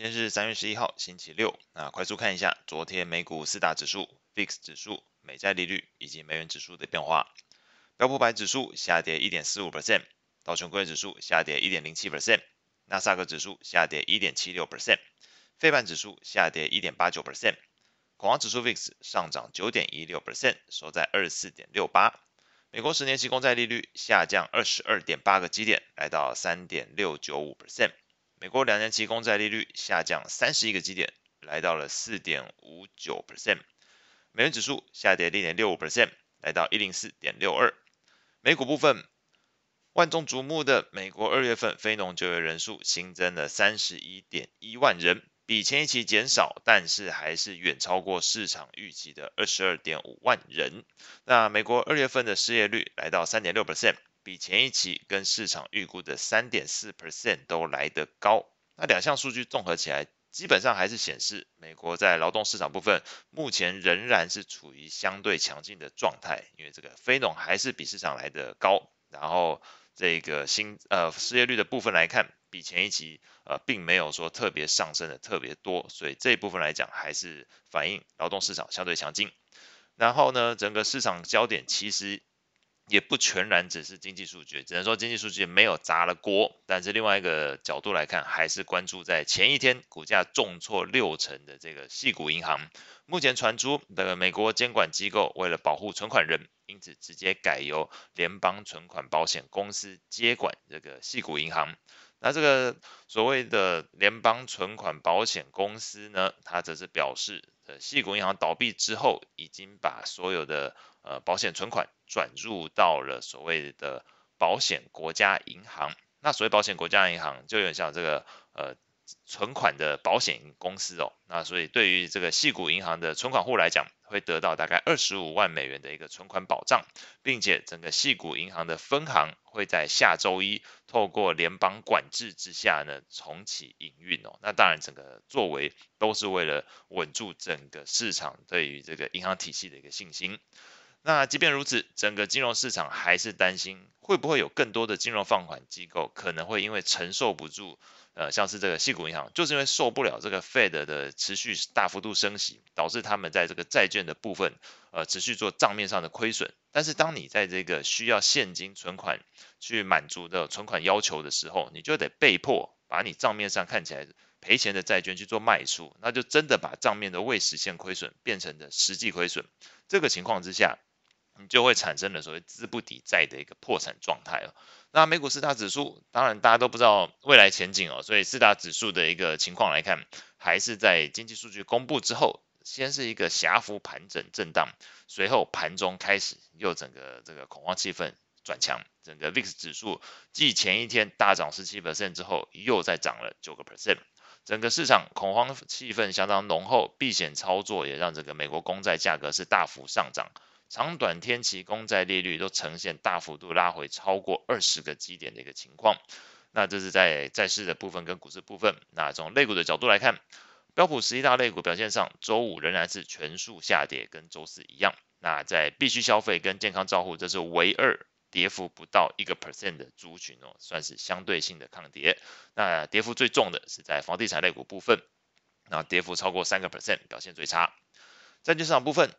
今天是三月十一號，星期六。那快速看一下昨天美股四大指數、VIX 指數、美債利率以及美元指數的變化。標普500指數下跌一點四五 percent，道瓊工業指數下跌一點零七 percent，納斯達克指數下跌一點七六 percent，費半指數下跌一點八九 percent，恐慌指數 VIX 上漲九點一六 percent，收在二十四點六八。美國十年期公債利率下降二十二點八個基點，來到三點六九五 percent。美國兩年期公債利率下降三十一個基點，來到了四點五九 percent。美元指數下跌零點六五 percent，來到一零四點六二。美股部分，萬眾矚目的美國二月份非農就業人數新增了三十一點一萬人，比前一期減少，但是還是遠超過市場預期的二十二點五萬人。那美國二月份的失業率來到三點六 percent。比前一期跟市場預估的三點四 percent 都來得高，那兩項數據綜合起來，基本上還是顯示美國在勞動市場部分目前仍然是處於相對強勁的狀態，因為這個非農還是比市場來得高，然後這個新呃失業率的部分來看，比前一期呃並沒有說特別上升的特別多，所以這一部分來講還是反映勞動市場相對強勁，然後呢，整個市場焦點其實。也不全然只是經濟數據，只能說經濟數據沒有砸了鍋。但是另外一個角度來看，還是關注在前一天股價重挫六成的這個矽谷銀行。目前傳出的美國監管機構為了保護存款人，因此直接改由聯邦存款保險公司接管這個矽谷銀行。那這個所謂的聯邦存款保險公司呢，它則是表示，呃，矽谷銀行倒閉之後，已經把所有的呃，保險存款轉入到了所謂的保險國家銀行，那所謂保險國家銀行就有點像這個呃存款的保險公司哦。那所以對於這個矽谷銀行的存款戶來講，會得到大概二十五萬美元的一個存款保障，並且整個矽谷銀行的分行會在下周一透過聯邦管制之下呢重啟營運哦。那當然，整個作為都是為了穩住整個市場對於這個銀行體系的一個信心。那即便如此，整個金融市場還是擔心會不會有更多的金融放款機構可能會因為承受不住，呃，像是這個矽谷銀行，就是因為受不了這個 FED 的持續大幅度升息，導致他們在這個債券的部分，呃，持續做賬面上的虧損。但是當你在這個需要現金存款去滿足的存款要求的時候，你就得被迫把你賬面上看起來賠錢的債券去做賣出，那就真的把賬面的未實現虧損變成了實際虧損。這個情況之下。你就會產生了所謂資不抵債的一個破產狀態哦。那美股四大指數，當然大家都不知道未來前景哦，所以四大指數的一個情況來看，還是在經濟數據公布之後，先是一個狹幅盤整震盪，隨後盤中開始又整個這個恐慌氣氛轉強。整個 VIX 指數繼前一天大漲十七 percent 之後，又再漲了九個 percent，整個市場恐慌氣氛相當濃厚，避險操作也讓這個美國公債價格是大幅上漲。長短天期公債利率都呈現大幅度拉回，超過二十個基點的一個情況。那這是在債市的部分跟股市部分。那從類股的角度來看，標普十一大類股表現，上周五仍然是全數下跌，跟周四一樣。那在必需消費跟健康照護，這是唯二跌幅不到一個 percent 的族群哦、喔，算是相對性的抗跌。那跌幅最重的是在房地產類股部分，那跌幅超過三個 percent，表現最差。債券市場部分。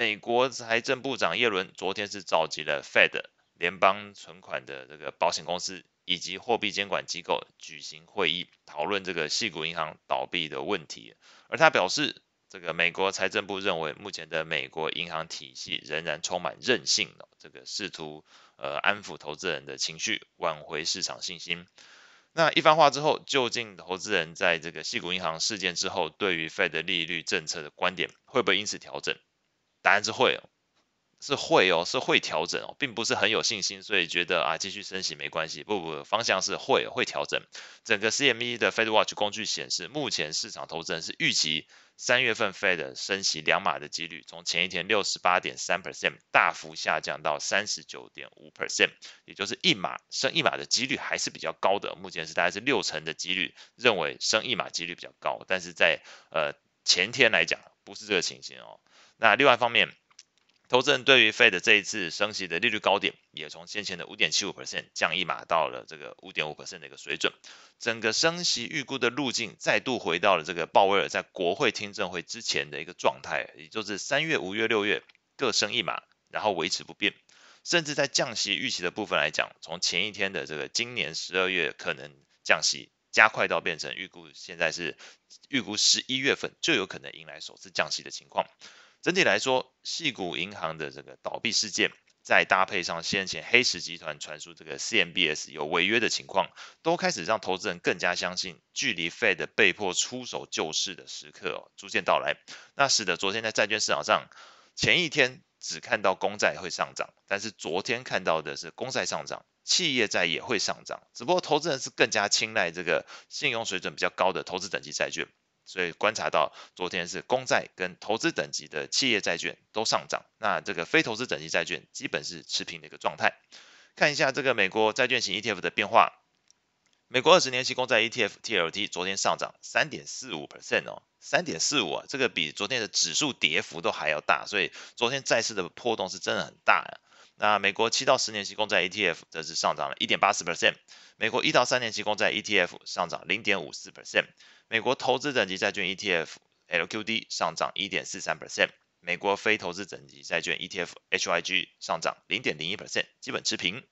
美國財政部長葉倫昨天是召集了 Fed 聯邦存款的這個保險公司，以及貨幣監管機構舉行會議，討論這個矽谷銀行倒閉的問題。而她表示，這個美國財政部認為，目前的美國銀行體系仍然充滿韌性。這個試圖呃安撫投資人的情緒，挽回市場信心。那一番話之後，究竟投資人在這個矽谷銀行事件之後，對於 Fed 利率政策的觀點會不會因此調整？答案是會哦，是會哦，是會調整哦，並不是很有信心，所以覺得啊繼續升息沒關係。不不不，方向是會會調整。整個 CME 的 FedWatch 工具顯示，目前市場投資人是預期三月份 Fed 升息兩碼的幾率，從前一天六十八點三 percent 大幅下降到三十九點五 percent，也就是一碼升一碼的幾率還是比較高的，目前是大概是六成的幾率認為升一碼幾率比較高，但是在呃前天來講。不是這個情形哦。那另外一方面，投資人對於 Fed 這一次升息的利率高點，也從先前的五點七五%降一碼到了這個五點五%的一個水準。整個升息預估的路徑，再度回到了這個鮑威爾在國會聽證會之前的一個狀態，也就是三月、五月、六月各升一碼，然後維持不變。甚至在降息預期的部分來講，從前一天的這個今年十二月可能降息。加快到變成預估，現在是預估十一月份就有可能迎來首次降息的情況。整體來說，矽谷銀行的這個倒閉事件，再搭配上先前黑石集團傳出這個 CMBS 有違約的情況，都開始讓投資人更加相信，距離 Fed 被迫出手救市的時刻、哦、逐漸到來。那使得昨天在債券市場上，前一天只看到公債會上漲，但是昨天看到的是公債上漲。企業債也會上漲，只不過投資人是更加青睞這個信用水準比較高的投資等級債券，所以觀察到昨天是公債跟投資等級的企業債券都上漲，那這個非投資等級債券基本是持平的一個狀態。看一下這個美國債券型 ETF 的變化，美國二十年期公債 ETF TLT 昨天上漲三點四五 percent 哦，三點四五啊，這個比昨天的指數跌幅都還要大，所以昨天債市的波動是真的很大呀，啊。那美國七到十年期公債 ETF 則是上漲了一八四 percent。美國一到三年期公債 ETF 上漲 e n t 美國投資等級債券 ETF LQD 上漲 e n t 美國非投資等級債券 ETF HYG 上漲 e n t 基本持平。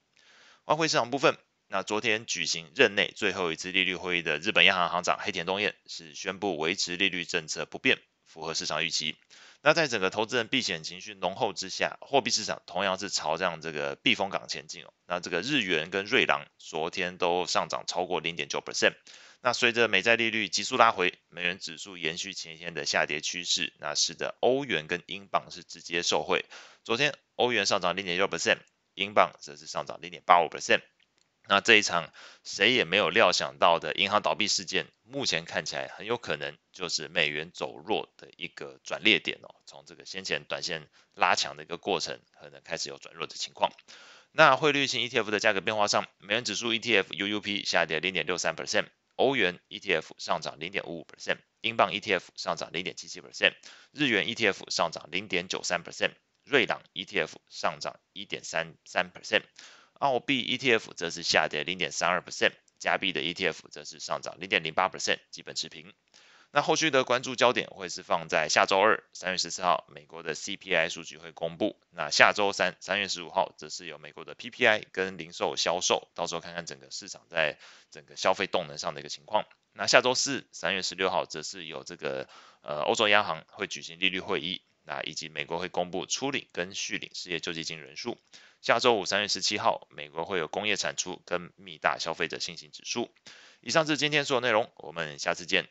外匯市場部分，那昨天舉行任內最後一次利率會議的日本央行行長黑田東彦是宣布維持利率政策不變。符合市場預期。那在整個投資人避險情緒濃厚之下，貨幣市場同樣是朝向這個避風港前進哦。那這個日元跟瑞郎昨天都上漲超過零點九 percent。那隨着美債利率急速拉回，美元指數延續前一天的下跌趨勢。那使得歐元跟英鎊是直接受惠。昨天歐元上漲零點六 percent，英鎊則是上漲零點八五 percent。那這一場誰也沒有料想到的銀行倒閉事件，目前看起來很有可能就是美元走弱的一個轉捩點哦。從這個先前短線拉強的一個過程，可能開始有轉弱的情況。那匯率型 ETF 的價格變化上，美元指數 ETF UUP 下跌零點六三 percent，歐元 ETF 上漲零點五五 percent，英鎊 ETF 上漲零點七七 percent，日元 ETF 上漲零點九三 percent，瑞郎 ETF 上漲一點三三 percent。澳幣 ETF 則是下跌零點三二 percent，加幣的 ETF 則是上漲零點零八 percent，基本持平。那後續的關注焦點會是放在下周二三月十四號美國的 CPI 數據會公布，那下周三三月十五號則是有美國的 PPI 跟零售銷售，到時候看看整個市場在整個消費動能上的一個情況。那下周四三月十六號則是有這個呃歐洲央行會舉行利率會議。啊，以及美國會公布初領跟續領失業救濟金人數。下周五三月十七號，美國會有工業產出跟密大消費者信心指數。以上是今天所有內容，我們下次見。